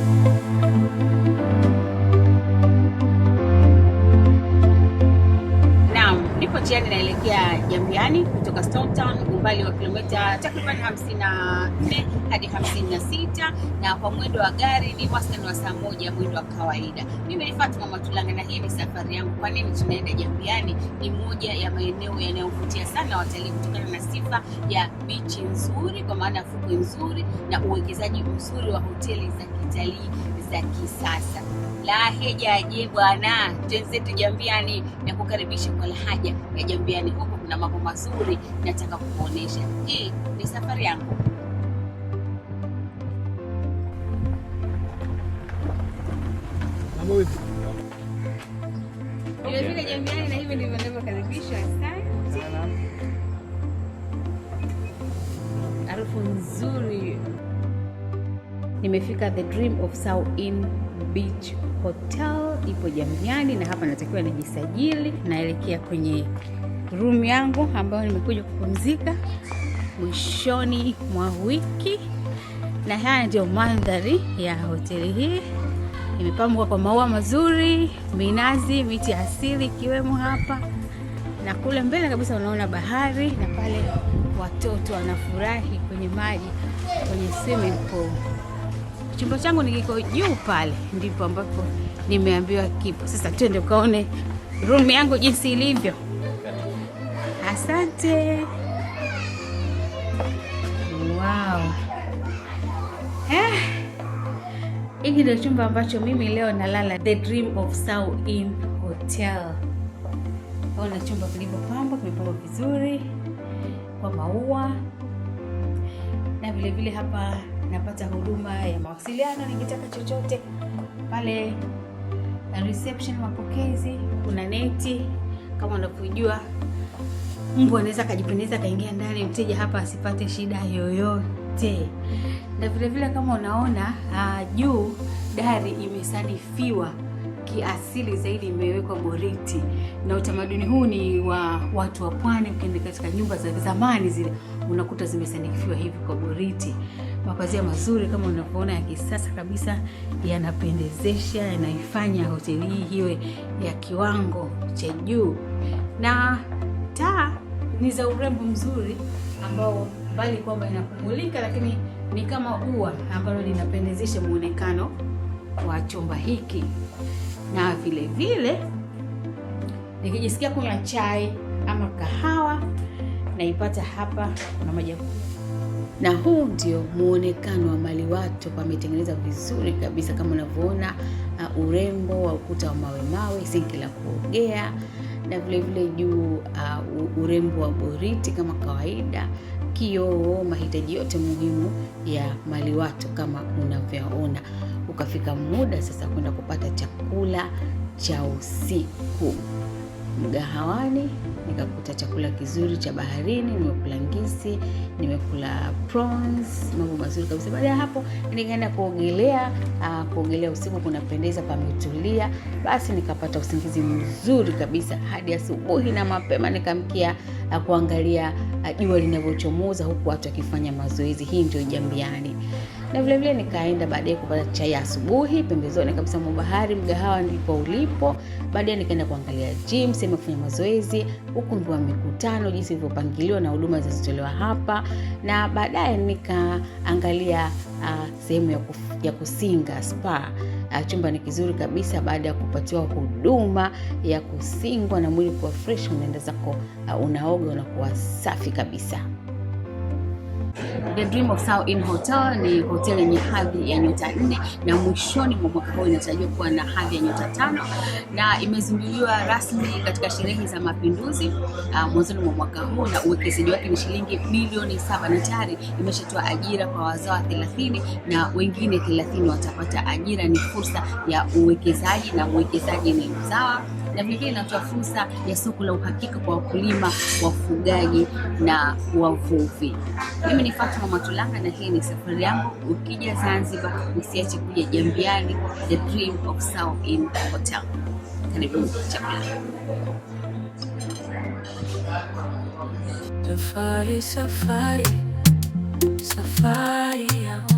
Thank you. kutoka Stone Town umbali wa kilomita takriban 54 hadi 56, na kwa mwendo wa gari ni wastani wa saa moja mwendo wa kawaida. Mimi ni Fatuma Matulanga na hii ni safari yangu. Kwa nini tunaenda Jambiani? Ni moja ya maeneo yanayovutia sana watalii kutokana na sifa ya bichi nzuri, kwa maana fukwe nzuri na uwekezaji mzuri wa hoteli za kitalii za kisasa. Laheja je bwana, twenzetu Jambiani na kukaribisha kwa lahaja ya Jambiani huko kuna mambo mazuri nataka kukuonesha. Hii ni safari yangu. Vilevile jamani, na hivi ndivyo Asante. Harufu nzuri. Nimefika the Dream of Sau Inn Beach Hotel, ipo Jamiani na hapa natakiwa nijisajili, naelekea kwenye room yangu ambayo nimekuja kupumzika mwishoni mwa wiki, na haya ndio mandhari ya hoteli hii. Imepambwa kwa maua mazuri, minazi, miti asili ikiwemo hapa, na kule mbele kabisa unaona bahari, na pale watoto wanafurahi kwenye maji, kwenye swimming pool. Chumba changu nikiko juu pale, ndipo ambapo nimeambiwa kipo. Sasa twende ukaone rumu yangu jinsi ilivyo. Asante. Wow. Eh. Hiki ndio chumba ambacho mimi leo nalala, The Dream of Sau Inn Hotel. Ona chumba kilivyopambwa, kimepambwa vizuri kwa maua na vile vile hapa napata huduma ya mawasiliano nikitaka chochote pale na reception, mapokezi, kuna neti kama unavyojua mbu anaweza akajipendeza akaingia ndani, mteja hapa asipate shida yoyote. Na vilevile kama unaona ah, juu dari imesanifiwa kiasili zaidi imewekwa boriti, na utamaduni huu ni wa watu wa pwani. Ukienda katika nyumba za zamani zile unakuta zimesanifiwa hivi kwa boriti, mapazia mazuri kama unavyoona ya kisasa kabisa, yanapendezesha, yanaifanya hoteli hii hiwe ya kiwango cha juu, na taa ni za urembo mzuri ambao mbali kwamba inapumulika lakini ni kama ua ambalo linapendezesha muonekano wa chumba hiki na vile vile nikijisikia kunywa chai ama kahawa naipata hapa kuna maji. Na huu ndio muonekano wa mali watu pametengeneza vizuri kabisa kama unavyoona uh, urembo wa ukuta wa mawe mawe, sinki la kuogea na vilevile juu uh, urembo wa boriti kama kawaida, kioo, mahitaji yote muhimu ya maliwato kama unavyoona. Ukafika muda sasa kwenda kupata chakula cha usiku mgahawani nikakuta chakula kizuri cha baharini, nimekula ngisi, nimekula prawns, mambo mazuri kabisa. Baada ya hapo nikaenda kuogelea. Uh, kuogelea usiku kunapendeza, pametulia. Basi nikapata usingizi mzuri kabisa hadi asubuhi na mapema nikamkia, uh, kuangalia ah, jua uh, linavyochomoza huku watu wakifanya mazoezi. Hii ndio Jambiani na vilevile nikaenda baadaye kupata chai ya asubuhi pembezoni kabisa mwa bahari, mgahawa ndipo ulipo. Baadaye nikaenda kuangalia gym, sehemu ya kufanya mazoezi, ukumbi wa mikutano, jinsi ilivyopangiliwa na huduma zilizotolewa hapa, na baadaye nikaangalia uh, sehemu ya, ya kusinga spa. Uh, chumba ni kizuri kabisa baada ya kupatiwa huduma ya kusingwa na mwili kuwa fresh, unaenda zako, uh, unaoga unakuwa safi kabisa. The Dream of Sao Inn Hotel ni hoteli yenye hadhi ya nyota nne na mwishoni mwa mwaka huu inatarajiwa kuwa na hadhi ya nyota tano na imezinduliwa rasmi katika sherehe za mapinduzi uh, mwanzoni mwa mwaka huu na uwekezaji wake ni shilingi bilioni saba na tayari imeshatoa ajira kwa wazawa thelathini na wengine thelathini watapata ajira. Ni fursa ya uwekezaji na mwekezaji ni mzawa na vilevile inatoa fursa ya soko la uhakika kwa wakulima, wafugaji na wavuvi. Mimi ni Fatuma Matulanga na hii ni safari yangu. Ukija Zanzibar usiache kuja Jambiani, the dream of South Inn Hotel. Karibuni chakula. Safari, safari, safari ya